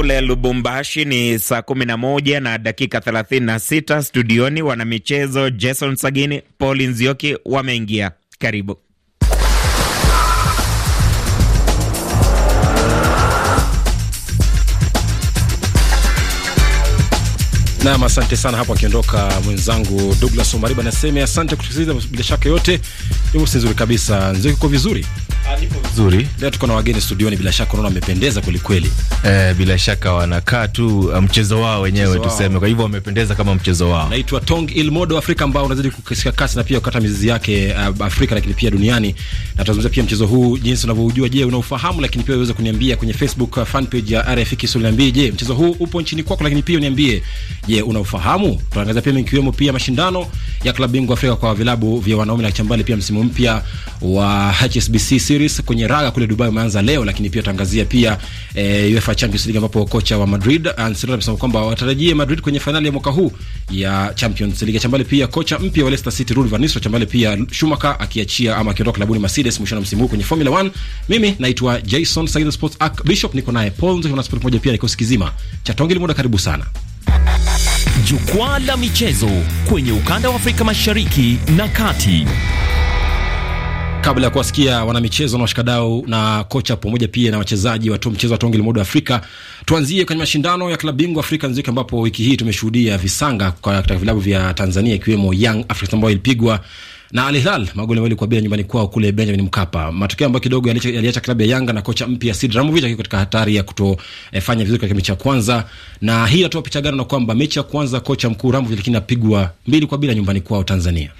kule Lubumbashi ni saa kumi na moja na dakika thelathini na sita. Studioni wanamichezo Jason Sagini, Paul Nzioki wameingia. Karibu. Nam, asante sana hapo, akiondoka mwenzangu Douglas Omariba. Naseme asante kutusikiliza, bila shaka yote hivo, si nzuri kabisa. Nzio kiko vizuri, ah, nipo vizuri. Leo tuko na wageni studioni, bila shaka unaona wamependeza kwelikweli. Eh, bila shaka wanakaa tu ah, mchezo wao wenyewe tuseme, kwa hivyo wamependeza kama mchezo wao. Naitwa Tong Ilmodo Afrika, ambao unazidi kukisika kasi na pia kukata mizizi yake ah, Afrika lakini pia duniani, na tutazungumzia pia mchezo huu jinsi unavyoujua. Je, unaufahamu? Lakini pia uweze kuniambia kwenye Facebook fanpage ya RFI Kiswahili. Niambie, je mchezo huu upo nchini kwako? Lakini pia uniambie Je, unaofahamu? Tunaangazia pia ikiwemo pia mashindano ya klabu bingwa Afrika kwa vilabu vya wanaume na chambali, pia msimu mpya wa HSBC series kwenye raga kule Dubai umeanza leo, lakini pia tutaangazia pia e, UEFA Champions League ambapo kocha wa Madrid Ancelotti amesema kwamba watarajie Madrid kwenye fainali ya mwaka huu ya Champions League. Chambali pia kocha mpya wa Leicester City Ruud van Nistelrooy, chambali pia Schumacher akiachia ama akiondoka klabuni Mercedes mwishoni msimu huu kwenye Formula 1. Mimi naitwa Jason Sagan Sports Arc Bishop, niko naye Paul Nzio na sport moja pia, nikosi kizima cha tongili muda, Karibu sana. Jukwaa la michezo kwenye ukanda wa Afrika Mashariki na Kati. Kabla ya kuwasikia wanamichezo na washikadau na kocha pamoja pia na wachezaji wa mchezo wa tonge la wa Afrika, tuanzie kwenye mashindano ya klabu bingwa Afrika nziki, ambapo wiki hii tumeshuhudia visanga katika vilabu vya Tanzania ikiwemo Young Africans ambayo ilipigwa na Al Hilal magoli mawili kwa bila nyumbani kwao kule Benjamin Mkapa, matokeo ambayo kidogo yaliacha klabu ya Yanga na kocha mpya Sid Ramovic akiwa katika hatari ya kutofanya vizuri katika mechi ya kwanza, na hii inatoa picha gani? Na kwamba mechi ya kwanza kocha mkuu Ramovich lakini apigwa mbili kwa bila nyumbani kwao Tanzania.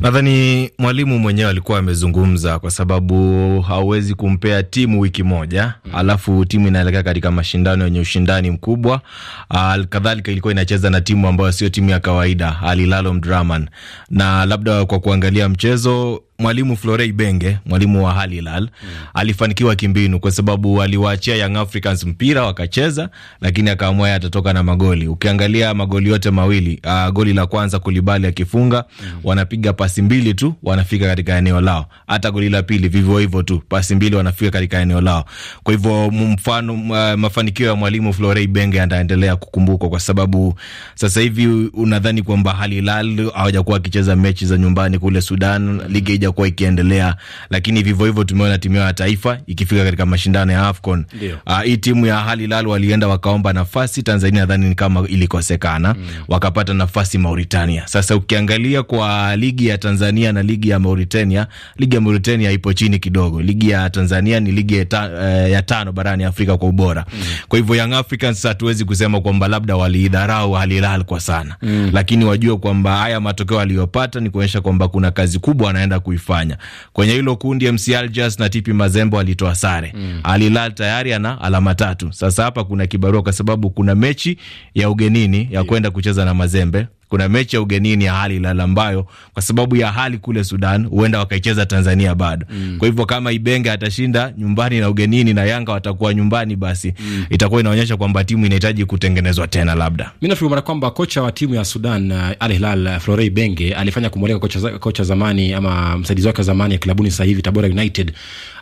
Nadhani mwalimu mwenyewe alikuwa amezungumza, kwa sababu hauwezi kumpea timu wiki moja mm, alafu timu inaelekea katika mashindano yenye ushindani mkubwa. Alkadhalika ilikuwa inacheza na timu ambayo sio timu ya kawaida, Al Hilal Omdurman, na labda kwa kuangalia mchezo mwalimu Florey Benge, mwalimu wa Al Hilal mm. alifanikiwa kimbinu kwa sababu aliwaachia Young Africans mpira wakacheza, lakini akaamua yeye atatoka na magoli. Ukiangalia magoli yote mawili, uh, goli la kwanza Kulibali akifunga mm. wanapiga pasi mbili tu wanafika katika eneo lao. Hata goli la pili vivyo hivyo tu, pasi mbili wanafika katika eneo lao. Kwa hivyo mfano, uh, mafanikio ya mwalimu Florey Benge yataendelea kukumbukwa kwa sababu sasa hivi unadhani kwamba Al Hilal hawajakuwa wakicheza mechi za nyumbani kule Sudan, mm. ligi itakuwa ikiendelea, lakini vivyo hivyo tumeona timu ya taifa ikifika katika mashindano ya AFCON. Uh, hii timu ya Al Hilal walienda wakaomba nafasi Tanzania, nadhani ni kama ilikosekana mm. wakapata nafasi Mauritania. Sasa ukiangalia kwa ligi ya Tanzania na ligi ya Mauritania, ligi ya Mauritania ipo chini kidogo. Ligi ya Tanzania ni ligi ya, ta, uh, ya tano barani Afrika kwa ubora mm. kwa hivyo Young Africans sasa hatuwezi kusema kwamba labda waliidharau Al Hilal kwa sana mm. lakini wajue kwamba haya matokeo aliyopata ni kuonyesha kwamba kuna kazi kubwa anaenda ku kuifanya. Kwenye hilo kundi MC Alger na TP Mazembe walitoa sare. Mm. Al Hilal tayari ana alama tatu. Sasa hapa kuna kibarua kwa sababu kuna mechi ya ugenini ya kwenda kucheza na Mazembe kuna mechi ya ugenini ya hali lala ambayo kwa sababu ya hali kule Sudan huenda wakaicheza Tanzania bado. Mm. Kwa hivyo kama ibenge atashinda nyumbani na ugenini na Yanga watakuwa nyumbani, basi mm. itakuwa inaonyesha kwamba timu inahitaji kutengenezwa tena. Labda mi nafikiri mara kwamba kocha wa timu ya Sudan uh, Al Hilal uh, Florent Ibenge alifanya kumwalika kocha, kocha zamani ama msaidizi wake wa zamani ya klabuni sasa hivi Tabora United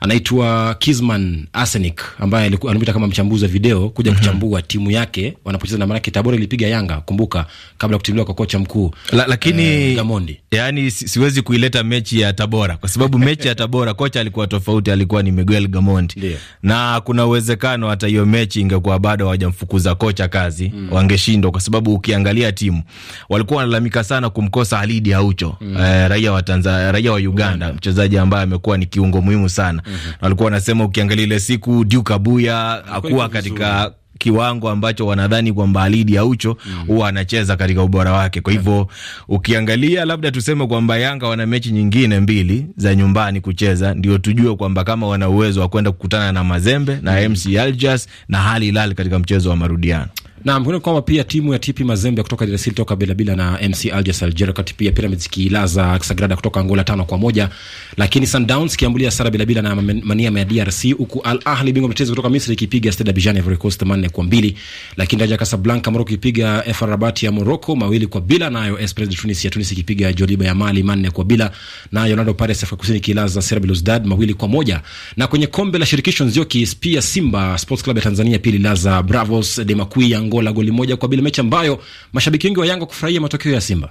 anaitwa Kisman Arsenic ambaye alipita kama mchambuzi wa video kuja mm -hmm. kuchambua timu yake wanapocheza na manake Tabora ilipiga Yanga, kumbuka, kabla ya kutimuliwa kwa kocha mkuu la, lakini eh, Gamondi. Yani siwezi kuileta mechi ya Tabora kwa sababu mechi ya Tabora kocha alikuwa tofauti, alikuwa ni Miguel Gamondi Lea. na kuna uwezekano hata hiyo mechi ingekuwa bado hawajamfukuza kocha kazi mm. wangeshindwa kwa sababu ukiangalia timu walikuwa wanalalamika sana kumkosa Halidi Aucho mm. eh, raia wa Tanzania, raia wa Uganda mm. mchezaji ambaye amekuwa ni kiungo muhimu sana mm -hmm. Walikuwa wanasema ukiangalia ile siku Duke Abuya akuwa katika kiwango ambacho wanadhani kwamba Alidi Aucho mm huwa anacheza katika ubora wake. Kwa hivyo ukiangalia, labda tuseme kwamba Yanga wana mechi nyingine mbili za nyumbani kucheza, ndio tujue kwamba kama wana uwezo wa kwenda kukutana na Mazembe na mm -hmm. MC Aljas na Al Hilal katika mchezo wa marudiano. Naam, kuna kwamba pia timu ya TP Mazembe kutoka DRC toka bila bila na MC Alger Algeria, kati pia Pyramids kilaza Sagrada kutoka Angola tano kwa moja, lakini Sundowns kiambulia sara bila bila na Maniema ya DRC, huku Al Ahli bingwa mtetezi kutoka Misri ikipiga Stade Abidjan Ivory Coast manne kwa mbili, lakini Raja Casablanca Morocco ikipiga FAR Rabat ya Morocco mawili kwa bila, nayo Esperance de Tunis ya Tunis ikipiga Joliba ya Mali manne kwa bila, nayo Orlando Pirates Afrika Kusini kilaza Serbia Belouizdad mawili kwa moja, na kwenye kombe la shirikisho Nzioki pia Simba Sports Club ya Tanzania pia lilaza Bravos de Makui Angola goli moja kwa bila, mechi ambayo mashabiki wengi wa Yanga kufurahia matokeo ya Simba.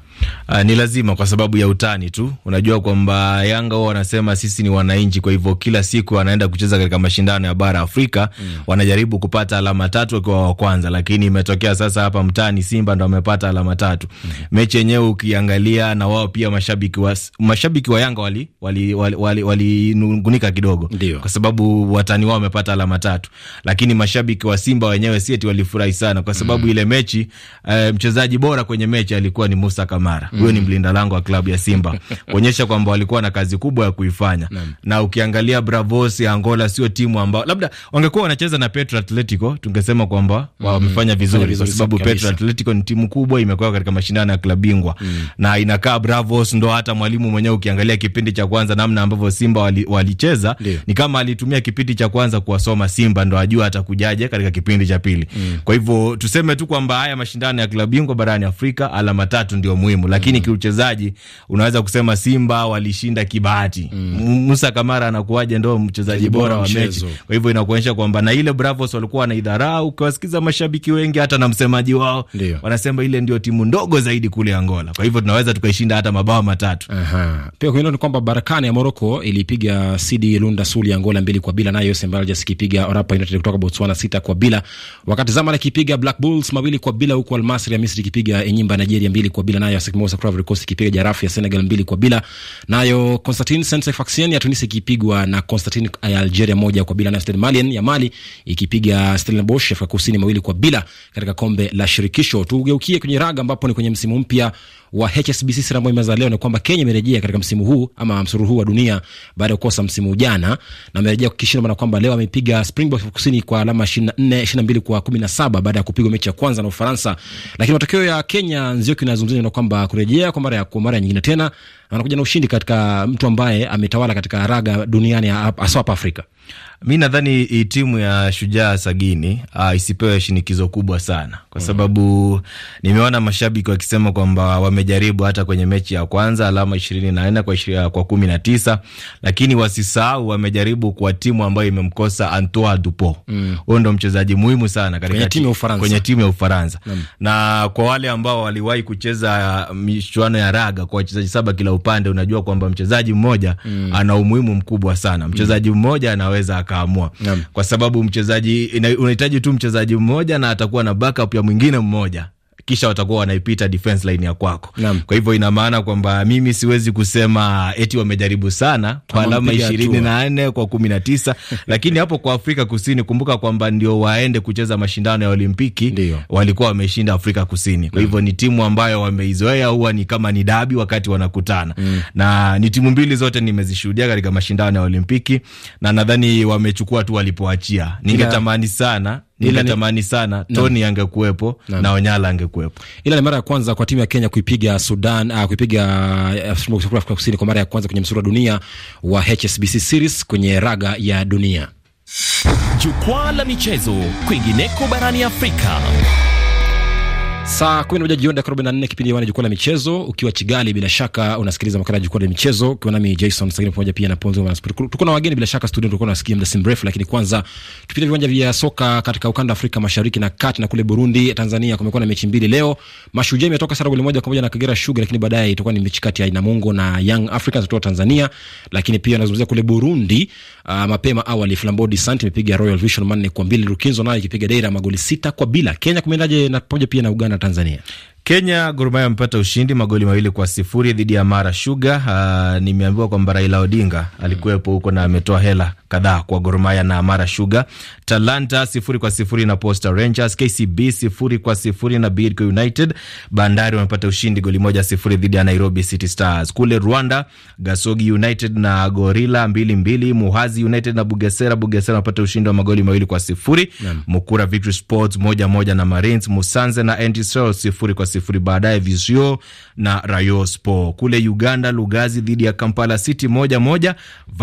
Uh, ni lazima kwa sababu ya utani tu. Unajua kwamba Yanga wao wanasema sisi ni wananchi, kwa hivyo kila siku wanaenda kucheza katika mashindano ya bara Afrika mm. wanajaribu kupata alama tatu wakiwa wa kwanza, lakini imetokea sasa hapa mtaani Simba ndo amepata alama tatu mm. mechi yenyewe ukiangalia, na wao pia mashabiki wa, mashabiki wa Yanga wali wali wali, wali, wali kidogo Dio. kwa sababu watani wao wamepata alama tatu, lakini mashabiki wa Simba wenyewe sieti walifurahi sana kwa sababu mm. ile mechi e, mchezaji bora kwenye mechi alikuwa ni Musa Kamara. Mm. Huyo mm. ni mlinda lango wa klabu ya Simba kuonyesha kwamba walikuwa na kazi kubwa ya kuifanya na ukiangalia Bravos ya Angola sio timu ambao labda wangekuwa wanacheza na Petro Atletico tungesema kwamba mm. wamefanya mm. vizuri, kwa sababu Petro Atletico ni timu kubwa, imekuwa katika mashindano ya klabu bingwa mm. na inakaa Bravos, ndo hata mwalimu mwenyewe ukiangalia kipindi cha kwanza namna ambavyo Simba wali, walicheza ni kama alitumia kipindi cha kwanza kuwasoma Simba ndo ajua atakujaje katika kipindi cha pili mm. kwa hivyo tuseme tu kwamba haya mashindano ya klabu bingwa barani Afrika alama tatu ndio muhimu, lakini mm kiuchezaji unaweza kusema Simba walishinda kibahati mm Musa Kamara anakuwaje ndo mchezaji bora wa mechi, kwa hivyo inakuonyesha kwamba na ile Bravos walikuwa wanaidharau, ukiwasikiza mashabiki wengi hata na msemaji wao Ndiyo. wanasema ile ndio timu ndogo zaidi kule Angola, kwa hivyo tunaweza tukaishinda hata mabao matatu. Aha. Pia kwa ni kwamba Barakani ya Moroko ilipiga CD Lunda Suli ya Angola mbili kwa bila, nayo Sembala jasikipiga Orapa United kutoka Botswana sita kwa bila, wakati Zamani akipiga Black Bulls mawili kwa bila, huku Almasri ya Misri ikipiga Enyimba Nigeria mbili kwa bila, nayo Asmos Ivory Coast ikipiga jarafu ya Senegal mbili kwa bila, nayo Constantine Saint Sfaxien ya Tunisia ikipigwa na Constantine ya Algeria moja kwa bila, nayo Stade Malien ya Mali ikipiga Stellenbosch ya Afrika Kusini mawili kwa bila katika kombe la shirikisho. Tugeukie kwenye raga ambapo ni kwenye msimu mpya wa HSBC Slamboima za leo ni kwamba Kenya imerejea katika msimu huu ama msuru huu wa dunia baada ya kukosa msimu jana, na amerejea kukishinda, maana kwamba leo amepiga Springboks kusini kwa alama 24 22 kwa 17 baada ya kupigwa mechi ya kwanza na Ufaransa. Lakini matokeo ya Kenya, Nzioki nazungumzia na kwamba kurejea kwa mara ya kwa mara nyingine tena anakuja na ushindi katika mtu ambaye ametawala katika raga duniani hasa hapa Afrika. Mi nadhani hii timu ya Shujaa Sagini uh, isipewe shinikizo kubwa sana, kwa sababu mm -hmm. nimeona mashabiki wakisema kwamba wamejaribu hata kwenye mechi ya kwanza, alama ishirini na nne kwa kumi na tisa, lakini wasisahau wamejaribu kwa timu ambayo imemkosa Antoine Dupont. Mm. Huyo ndo mchezaji muhimu sana katika kwenye timu ya Ufaransa, Mm -hmm. na kwa wale ambao waliwahi kucheza ah, michuano ya raga kwa wachezaji saba kila upande, unajua kwamba mchezaji mmoja mm -hmm. ana umuhimu mkubwa sana. Mchezaji mm. mmoja anawe anaweza akaamua yeah. Kwa sababu mchezaji unahitaji tu mchezaji mmoja na atakuwa na backup ya mwingine mmoja kisha watakuwa wanaipita defense line ya kwako. Nam. Kwa hivyo ina maana kwamba mimi siwezi kusema eti wamejaribu sana kwa alama ishirini na nne kwa kumi na tisa lakini hapo kwa Afrika Kusini, kumbuka kwamba ndio waende kucheza mashindano ya Olimpiki Ndiyo. walikuwa wameshinda Afrika Kusini. Kwa mm. hivyo ni timu ambayo wameizoea, huwa ni kama ni dabi wakati wanakutana mm. na ni timu mbili zote nimezishuhudia katika mashindano ya Olimpiki na nadhani wamechukua tu walipoachia. Ningetamani sana nikatamani sana Tony angekuwepo na Onyala angekuwepo, ila ni mara ya kwanza kwa timu ya Kenya kuipiga Sudan, uh, kuipiga eh, Afrika Kusini kwa mara ya kwanza kwenye msuru wa dunia wa HSBC series kwenye raga ya dunia, jukwaa la michezo kwingineko barani Afrika. Saa kumi na moja jioni dakika 44, kipindi hewani jukwaa la michezo. Ukiwa Chigali bila shaka unasikiliza makala ya jukwaa la michezo, ukiwa nami Jason Sagini pamoja pia na Ponzo wa Sport. Tuko na wageni bila shaka studio, tulikuwa nawasikia muda si mrefu, lakini kwanza tupite viwanja vya soka katika ukanda wa Afrika Mashariki na Kati na kule Burundi, Tanzania kumekuwa na mechi mbili leo. Mashujaa imetoka sare goli moja kwa moja na Kagera Sugar, lakini baadaye itakuwa ni mechi kati ya Namungo na Young Africans kutoka Tanzania, lakini pia anazungumzia kule Burundi. Uh, mapema awali Flambeau Saint imepiga Royal Vision manne kwa mbili, Rukinzo nayo ikipiga Deira magoli sita kwa bila. Kenya kumeendaje na pamoja pia na Uganda Tanzania? Kenya, Gor Mahia amepata ushindi magoli mawili kwa sifuri dhidi ya Mara Sugar. Uh, Nimeambiwa kwamba Raila Odinga alikuwepo huko na ametoa hela kadhaa kwa Gor Mahia na Mara Sugar. Talanta sifuri kwa sifuri na Posta Rangers. KCB sifuri kwa sifuri na Bidco United. Bandari wamepata ushindi goli moja sifuri dhidi ya Nairobi City Stars. Kule Rwanda, Gasogi United na Gorilla mbili mbili. Muhazi United na Bugesera, Bugesera wamepata ushindi wa magoli mawili kwa sifuri. Mukura Victory Sports moja moja na Marines. Musanze na Etincelles sifuri kwa sifuri sifuri. Baadaye Vizio na Rayon Sport. Kule Uganda, Lugazi dhidi ya Kampala City moja moja,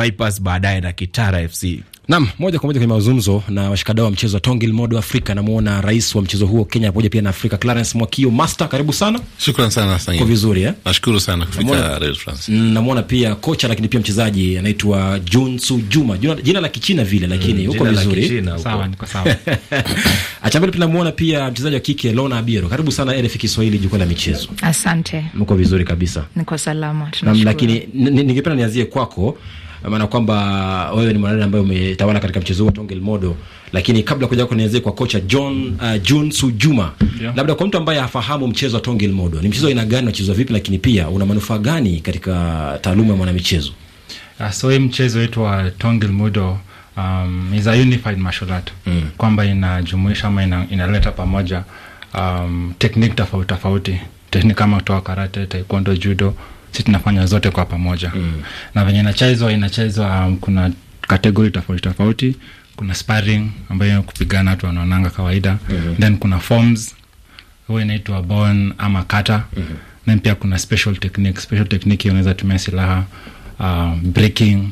Vipers baadaye na Kitara FC. Nam, moja kwa moja kwenye mazungumzo na washikadau wa mchezo wa Tongil Modo Afrika. Namwona rais wa mchezo huo Kenya pamoja pia na Afrika, Clarence Mwakio. Master, karibu sana. Shukran sana kwa vizuri eh? Nashukuru sana kufika Radio France. Mm, namwona pia kocha lakini pia mchezaji anaitwa Junsu Juma, jina, la Kichina vile lakini mm, uko vizuri. Sawa, niko sawa. Acha mbele, tunamwona pia mchezaji wa kike Lona Abiero. Karibu sana RFI Kiswahili, jukwaa la michezo. Asante. Mko vizuri kabisa? Niko salama, tunashukuru. Lakini ningependa nianzie kwako maana kwamba wewe ni mwanadada ambaye umetawala katika mchezo huu wa Tongel Modo, lakini kabla kuja kunianzie kwa kocha John uh, June Sujuma, yeah. Labda kwa mtu ambaye hafahamu mchezo wa Tongel Modo, ni mchezo aina gani, unachezwa vipi, lakini pia una manufaa gani katika taaluma ya mwanamichezo? Uh, so hii mchezo wetu wa Tongel Modo um, is a unified martial art mm. kwamba inajumuisha ama inaleta ina pamoja um, technique tofauti tofauti technique kama toa karate, taekwondo, judo, si tunafanya zote kwa pamoja mm. na venye nachezwa inachezwa, um, kuna kategori tofauti tofauti. Kuna sparring ambayo kupigana tu wanaonanga kawaida mm -hmm. then kuna forms huwa inaitwa bon ama kata mm -hmm. then pia kuna special technique. Special technique unaweza tumia silaha um, breaking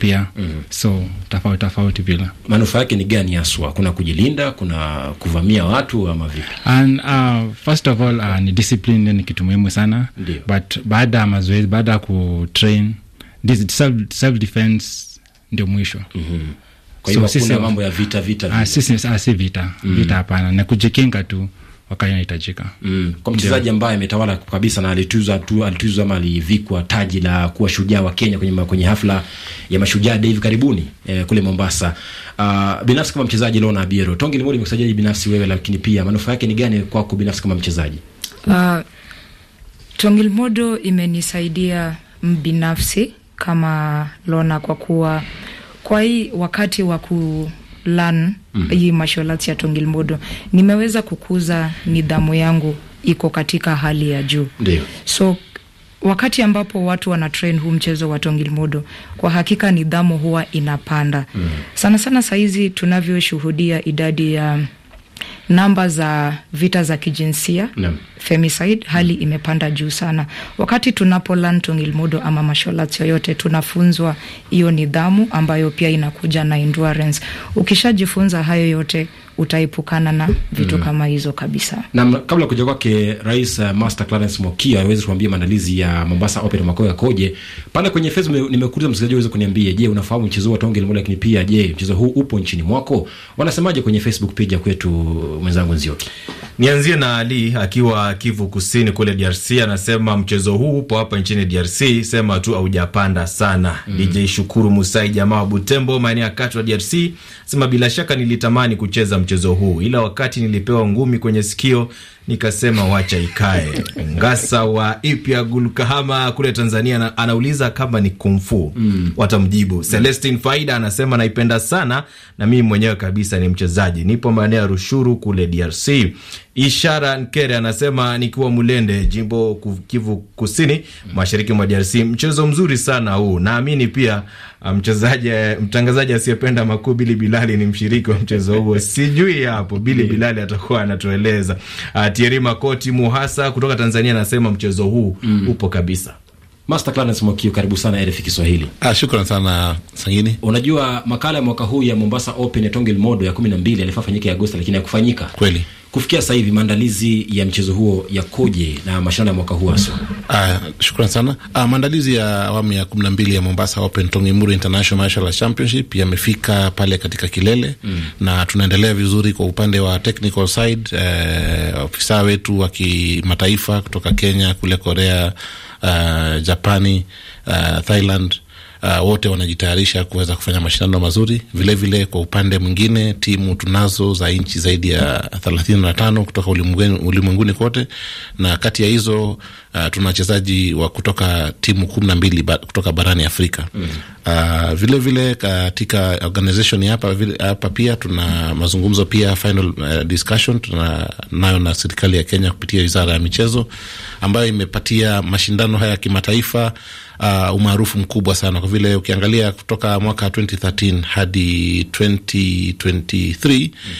pia mm. So tofauti tofauti vile. Manufaa yake ni gani haswa? Kuna kujilinda, kuna kuvamia watu ama vipi? And uh, first of all uh, ni discipline ni kitu muhimu sana. Ndiyo. But baada ya mazoezi, baada ya kutrain this self, self defense ndio mwisho. mm -hmm. Kwa hiyo so, kuna mambo ya vita vita, ah, vita. Uh, sisi uh, si vita mm. Vita hapana, na kujikinga tu wakati inahitajika. Mm. Kwa mchezaji ambaye ametawala kabisa na alituzwa tu, alituzwa ama alivikwa taji la kuwa shujaa wa Kenya kwenye, kwenye hafla ya mashujaa Dave karibuni eh, kule Mombasa. Uh, binafsi kama mchezaji Lona Abiero, Tongi Limoli imekusajaji binafsi wewe, lakini pia manufaa yake ni gani kwako binafsi kama mchezaji? Uh, Tongi Limodo imenisaidia mbinafsi kama Lona kwa kuwa kwa hii wakati wa learn mhm. hii martial arts ya tongilmodo, nimeweza kukuza nidhamu yangu iko katika hali ya juu. Ndiyo. So wakati ambapo watu wana train huu mchezo wa tongilmodo, kwa hakika nidhamu huwa inapanda mm. Sana sana sahizi tunavyoshuhudia idadi ya namba za vita za kijinsia no. femicide, hali mm. imepanda juu sana. Wakati tunapo tungilmudo ama masholats yoyote, tunafunzwa hiyo nidhamu ambayo pia inakuja na endurance. Ukishajifunza hayo yote utaepukana na vitu mm. kama hizo kabisa. Na kabla kuja kwake Rais uh, Master Clarence Mokia aweze kuambia maandalizi ya Mombasa Open makao yakoje, pale kwenye Facebook nimekuuliza msikilizaji aweze kuniambia, je, unafahamu mchezo wa tonge limo, lakini pia je, mchezo huu upo nchini mwako? Wanasemaje kwenye Facebook page ya kwetu mwenzangu Nzioki? Nianzie na Ali akiwa Kivu Kusini kule DRC, anasema mchezo huu upo hapa nchini DRC, sema tu haujapanda sana. mm. DJ Shukuru Musai, jamaa wa Butembo, maeneo ya Katwa DRC, sema bila shaka nilitamani kucheza mchezo huu, ila wakati nilipewa ngumi kwenye sikio nikasema wacha ikae. Ngasa wa Ipya Gulkahama kule Tanzania anauliza kama ni kumfu mm. watamjibu. mm. Celestin Faida anasema naipenda sana na mimi mwenyewe kabisa ni mchezaji, nipo maeneo ya Rushuru kule DRC. Ishara Nkere anasema nikiwa Mulende, jimbo Kivu Kusini, mm. mashariki mwa DRC. Mchezo mzuri sana huu, naamini pia uh, mchezaji, uh, mtangazaji asiyependa makuu Bili Bilali ni mshiriki wa mchezo huo. Sijui hapo Bili mm. Bilali atakuwa anatueleza Ati uh, Thierry Makoti Muhasa kutoka Tanzania anasema mchezo huu mm, upo kabisa. Master Clarence Mokio, karibu sana RFI Kiswahili. Ah, shukrani sana Sangini. Unajua makala ya mwaka huu ya Mombasa Open ya Tongil Modo ya 12 yalifaa fanyika Agosti lakini hayakufanyika. Kweli. Kufikia sasa hivi maandalizi ya mchezo huo yakoje na mashindano ya mwaka huu hasa? Ah, shukran sana. Ah, maandalizi ya awamu ya kumi na mbili ya Mombasa Open Tongimuru International Martial Championship yamefika pale katika kilele mm, na tunaendelea vizuri kwa upande wa technical side. eh, ofisa wetu wa kimataifa kutoka Kenya, kule Korea, uh, Japani, uh, Thailand uh, wote wanajitayarisha kuweza kufanya mashindano mazuri. Vilevile vile, kwa upande mwingine, timu tunazo za nchi zaidi ya thelathini na tano kutoka ulimwenguni kote, na kati ya hizo uh, tuna wachezaji wa kutoka timu kumi na mbili ba, kutoka barani Afrika mm. Uh, vile vile katika organization hapa hapa pia tuna mazungumzo pia final uh, discussion tuna nayo na serikali ya Kenya kupitia wizara ya michezo ambayo imepatia mashindano haya ya kimataifa uh, umaarufu mkubwa sana, kwa vile ukiangalia kutoka mwaka 2013 hadi 2023 mm.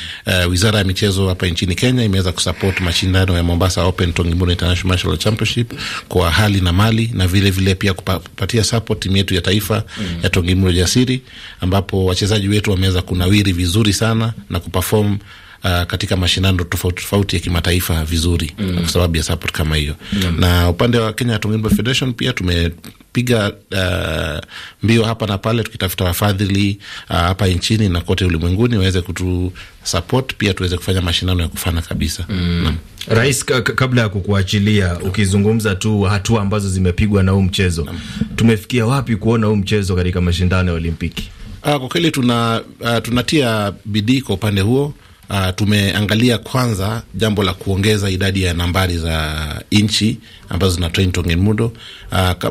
uh, wizara ya michezo hapa nchini Kenya imeweza kusupport mashindano ya Mombasa Open Tongimbuna International Championship Partnership kwa hali na mali na vilevile vile pia kupatia support timu yetu ya taifa mm. ya tongimro Jasiri ambapo wachezaji wetu wameweza kunawiri vizuri sana na kuperform uh, katika mashindano tofauti tofauti ya kimataifa vizuri mm. kwa sababu ya support kama hiyo mm. na upande wa Kenya Atomobile Federation pia tume piga uh, mbio hapa na pale tukitafuta wafadhili uh, hapa nchini na kote ulimwenguni waweze kutu support pia tuweze kufanya mashindano ya kufana kabisa mm. Rais, kabla ya kukuachilia, ukizungumza tu hatua ambazo zimepigwa na huu mchezo Nam. tumefikia wapi kuona huu mchezo katika mashindano ya Olimpiki? Uh, kwa kweli tuna, uh, tunatia bidii kwa upande huo uh, tumeangalia kwanza jambo la kuongeza idadi ya nambari za nchi ambazo zina train Tongenmudo.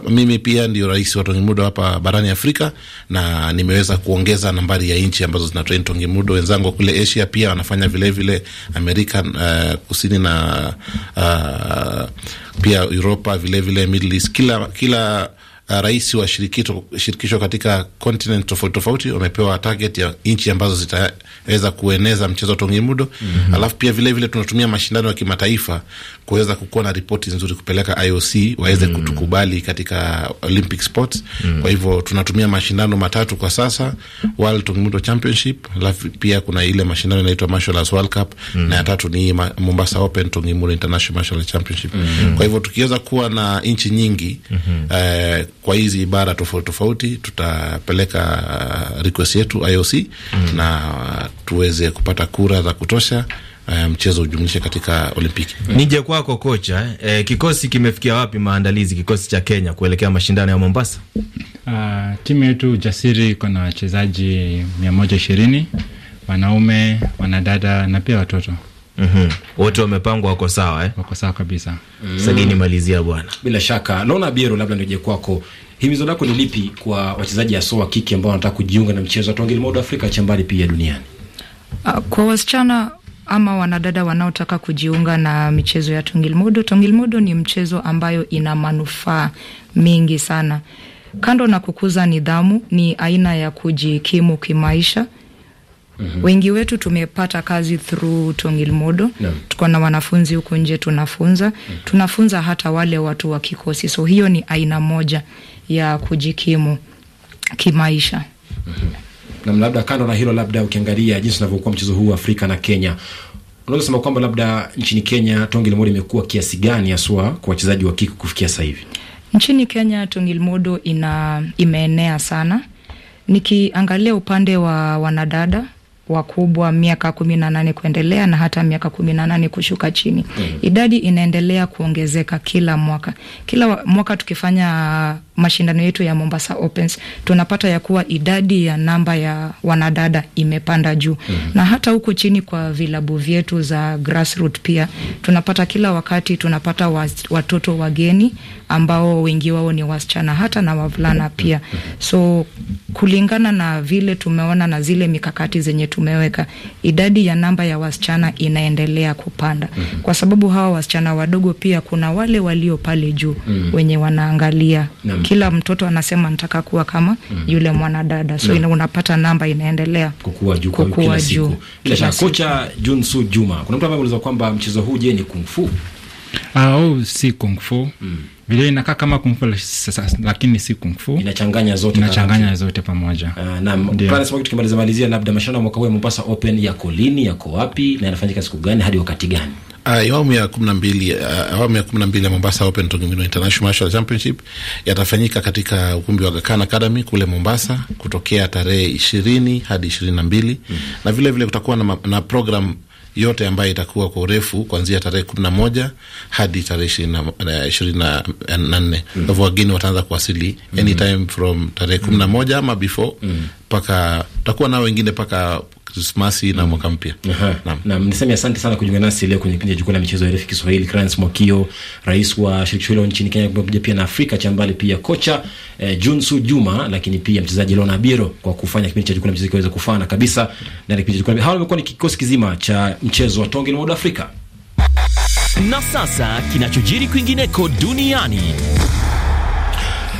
Uh, mimi pia ndio rais wa Tongenmudo hapa barani Afrika, na nimeweza kuongeza nambari ya nchi ambazo zina train Tongenmudo. Wenzangu kule Asia pia wanafanya vilevile vile Amerika uh, kusini na uh, pia Uropa vilevile Middle East, kila kila uh, rais wa shirikisho katika kontinent tofauti tofauti wamepewa target ya nchi ambazo zitaweza kueneza mchezo wa tongimudo mm -hmm. Alafu pia vilevile vile tunatumia mashindano ya kimataifa kuweza kukuwa na ripoti nzuri kupeleka IOC waweze mm -hmm. kutukubali katika Olympic sports mm -hmm. Kwa hivyo tunatumia mashindano matatu kwa sasa, World Tongimudo Championship, alafu pia kuna ile mashindano inaitwa Marshallers World Cup mm -hmm. na ya tatu ni Mombasa Open Tongimudo International Championship mm -hmm. Kwa hivyo tukiweza kuwa na nchi nyingi mm -hmm. eh, kwa hizi ibara tofauti tofauti tutapeleka uh, request yetu IOC mm. na tuweze kupata kura za kutosha uh, mchezo ujumlishe katika Olimpiki. Mm. Nije kwako kocha, eh, eh, kikosi kimefikia wapi maandalizi, kikosi cha Kenya kuelekea mashindano ya Mombasa? Uh, timu yetu jasiri iko na wachezaji mia moja ishirini wanaume, wanadada na pia watoto. Mm -hmm. Wote wamepangwa wako sawa eh? Wako sawa kabisa. Mm. Sagini malizia bwana. Bila shaka. Naona Biero labda ndio kwako. Himizo lako ni lipi kwa wachezaji aso wa kike ambao wanataka kujiunga na mchezo wa Tonge Modo Afrika chambali pia duniani? Ah, kwa wasichana ama wanadada wanaotaka kujiunga na michezo ya Tongilmodo. Tongilmodo ni mchezo ambayo ina manufaa mengi sana. Kando na kukuza nidhamu, ni aina ya kujikimu kimaisha -hmm. Wengi wetu tumepata kazi through Tongilmodo yeah. Tuko na wanafunzi huko nje tunafunza mm -hmm. Tunafunza hata wale watu wa kikosi, so hiyo ni aina moja ya kujikimu kimaisha mm -hmm. Na labda kando na hilo, labda ukiangalia jinsi unavyokuwa mchezo huu Afrika na Kenya unaweza sema kwamba labda nchini Kenya Modo imekuwa kiasi gani haswa kwa wachezaji wa kike kufikia sasa hivi? Nchini Kenya Modo ina imeenea sana. Nikiangalia upande wa wanadada wakubwa miaka kumi na nane kuendelea na hata miaka kumi na nane kushuka chini. Mm -hmm. Idadi inaendelea kuongezeka kila mwaka, kila mwaka tukifanya mashindano yetu ya Mombasa Opens tunapata ya kuwa idadi ya namba ya wanadada imepanda juu mm -hmm. na hata huku chini kwa vilabu vyetu za grassroots pia tunapata kila wakati tunapata watoto wageni ambao wengi wao ni wasichana hata na wavulana pia. So kulingana na vile tumeona na zile mikakati zenye tumeweka, idadi ya namba ya wasichana inaendelea kupanda mhm. kwa sababu hawa wasichana wadogo pia kuna wale walio pale juu mhm. wenye wanaangalia kila mtoto anasema nataka kuwa kama mm. yule mwanadada, so no. unapata namba inaendelea kukua juu kila siku. Kila siku. kocha Junsu Juma, kuna mtu ambaye anauliza kwamba mchezo huu je, ni kung fu ah, au si kungfu? mm. Vile inakaa kama kungfu lakini si kungfu, inachanganya zote, inachanganya zote pamoja. Ah, tukimalizia labda mashindano ya mwaka huu ya Mombasa Open yako lini, yako wapi na yanafanyika siku gani hadi wakati gani? Ah, awamu ya kumi na mbili ah, awamu ya kumi na mbili ya Mombasa Open Tongmino International Championship yatafanyika katika ukumbi wa Gakan Academy kule Mombasa kutokea tarehe ishirini hadi ishirini na mbili mm. na vilevile vile kutakuwa na, na program yote ambayo itakuwa kwa urefu kuanzia tarehe kumi na moja hadi tarehe ishirini na nne mm. kwa hivyo wageni wataanza kuwasili mm. anytime from tarehe kumi na mm. moja ama before mpaka mm. tutakuwa nao wengine mpaka Krismasi na mwaka mpya. Naam, niseme asante sana kujiunga nasi leo kwenye kipindi cha Jukwaa la Michezo ya RFI Kiswahili. Clarence Mwakio, rais wa shirikisho hilo nchini Kenya, pamoja pia na Afrika Chambali, pia kocha eh, Junsu Juma, lakini pia mchezaji Lona Biro kwa kufanya kipindi cha Jukwaa la Michezo kiweze kufana kabisa na kipindi cha Jukwaa. Hawa wamekuwa ni kikosi kizima cha mchezo wa tonge na Afrika. Na sasa kinachojiri kwingineko duniani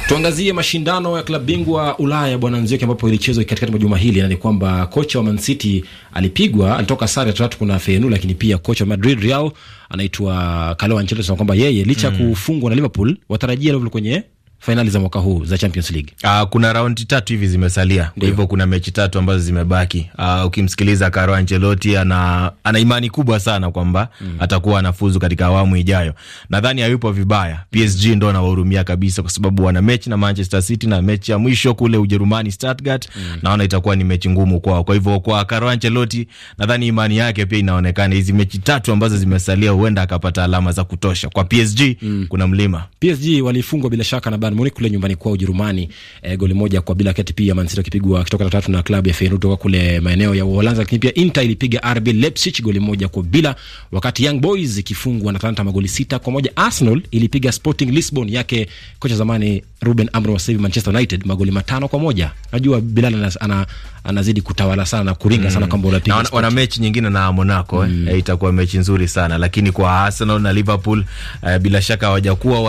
Tuangazie mashindano ya klabu bingwa Ulaya bwana Nzioki, ambapo ilichezwa katikati mwa juma hili, na ni kwamba kocha wa mancity alipigwa, alitoka sare tatu kuna Feyenoord, lakini pia kocha wa Madrid Real anaitwa Carlo Ancelotti, kwamba yeye licha ya mm. kufungwa na Liverpool watarajia Liverpool kwenye fainali za mwaka huu za Champions League. Aa, ah, kuna raundi tatu hivi zimesalia, kwa hivyo kuna mechi tatu ambazo zimebaki. Aa, ah, ukimsikiliza Carlo Ancelotti ana, ana imani kubwa sana kwamba mm, atakuwa anafuzu katika awamu ijayo. Nadhani hayupo vibaya. PSG ndo anawahurumia kabisa, kwa sababu wana mechi na Manchester City na mechi ya mwisho kule Ujerumani Stuttgart, mm, naona itakuwa ni mechi ngumu kwao. Kwa hivyo kwa Carlo Ancelotti nadhani imani yake pia inaonekana, hizi mechi tatu ambazo zimesalia huenda akapata alama za kutosha. Kwa PSG mm, kuna mlima. PSG walifungwa bila shaka na Bayern Munich kule nyumbani kwao Ujerumani, e, goli moja kwa bila, kati pia Man City akipigwa kutoka tatu na klabu ya Feyenoord kutoka kule maeneo ya Uholanzi, lakini pia Inter ilipiga RB Leipzig goli moja kwa bila, wakati Young Boys ikifungwa na Atalanta magoli sita kwa moja. Arsenal ilipiga Sporting Lisbon yake kocha zamani Ruben Amorim wa sasa Manchester United magoli matano kwa moja. Najua Bilal ana, ana anazidi kutawala sana na kuringa mm. sana kwamba unapiga. na, wana mechi nyingine na Monaco eh. mm. eh, itakuwa mechi nzuri sana lakini kwa Arsenal na Liverpool eh, bila shaka hawajakuwa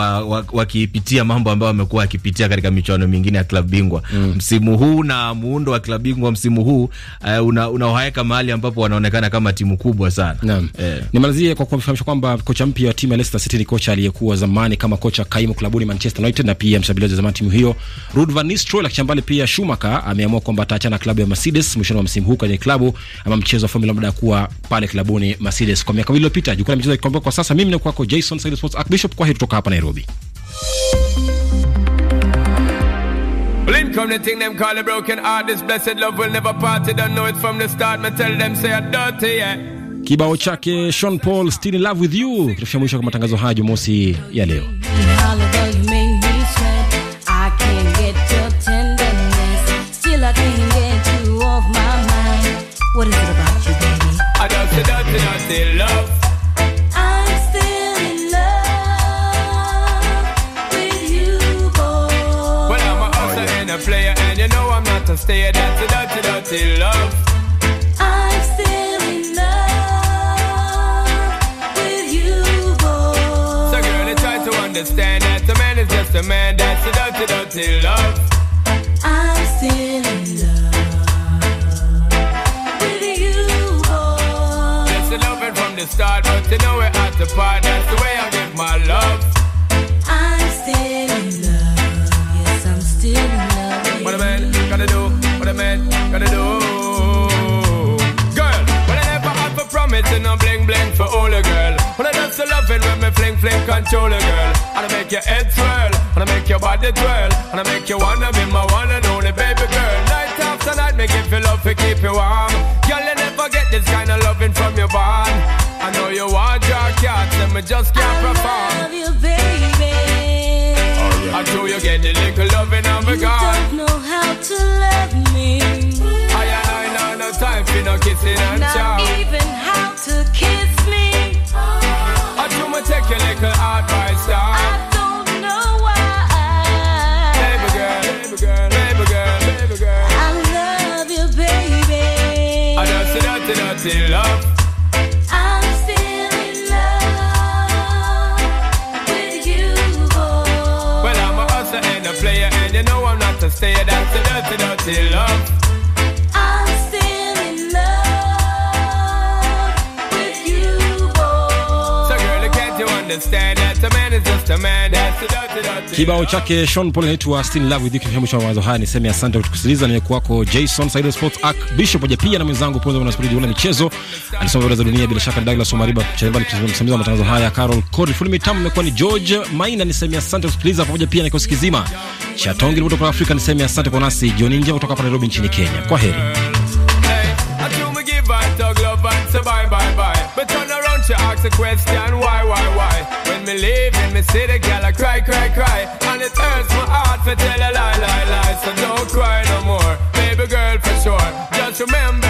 wakipitia wa, wa mambo ambayo wamekuwa wakipitia katika michuano mingine ya klabu bingwa mm. msimu huu na muundo wa klabu bingwa msimu huu eh, una, una mahali ambapo wanaonekana kama timu kubwa sana. Naam. Eh. Nimalizie kwa kufahamisha kwamba kocha mpya wa timu ya Leicester City ni kocha aliyekuwa zamani kama kocha kaimu klabuni Manchester United na pia mshabiliaji wa zamani timu hiyo Ruud van Nistelrooy, lakini pia Schumacher ameamua kwamba ataacha na klabu ya Mercedes mwishoni mwa msimu huu kwenye klabu ama mchezo wa Formula baada ya kuwa pale klabuni Mercedes kwa miaka miwili iliyopita. Jukwaa la michezo kwa sasa, mimi ni kwako Jason Sports Archbishop, kwa heri kutoka hapa Nairobi. come the thing them call a broken heart. This blessed love will never part. don't know it from the start. tell them say yeah. Kibao chake Sean Paul Still in Love with You kitafisha mwisho kwa matangazo haya Jumamosi ya leo. stay a dirty, dirty, dirty love. I'm still in love with you, boy. So girl, I try to understand that a man is just a man. That's a dirty, dirty love. I'm still in love with you, boy. That's a loving from the start, but you know we're at the part. That's the way I give my love. patchouli girl. And I make your head swirl, and I make your body twirl, and I make you wanna be my one and only baby girl. Night after night, make you feel love to keep you warm. Girl, you never get this kind of loving from your bond. I know you want your cats, and me just can't perform. I love you, baby. Oh, yeah. show you get a little loving I'm You don't know how to love me. I ain't no time for no kissing and chow. Not even how your little advice, dog. I don't know why. Baby girl, baby girl, baby girl, baby girl. I love you, baby. I just see dirty, dirty love. I'm still in love with you, boy. Well, I'm a hustler and a player, and you know I'm not a stayer. That's a dirty, dirty love. Kibao chake Sean Paul inaitwa Still Love With You kinachomusha mawazo haya. Niseme asante kwa kutusikiliza. Ni kwako Jason Said Sports Arc Bishop Hoja pia na mwenzangu Ponzo na Spidi ule michezo alisoma habari za dunia, bila shaka Douglas Omariba Chemba msimamizi wa matangazo haya, Carol Cody Fulmi Tam, imekuwa ni George Maina. Niseme asante kwa kusikiliza pamoja pia na kikosi kizima cha Tongi kutoka Afrika. Niseme asante kwa nasi jioni njema kutoka hapa Nairobi nchini Kenya. Kwa heri. ask the question why, why, why? When me leave in me city, girl, I cry, cry, cry. And it hurts my heart to tell a lie, lie, lie. So don't cry no more, baby girl, for sure. Just remember.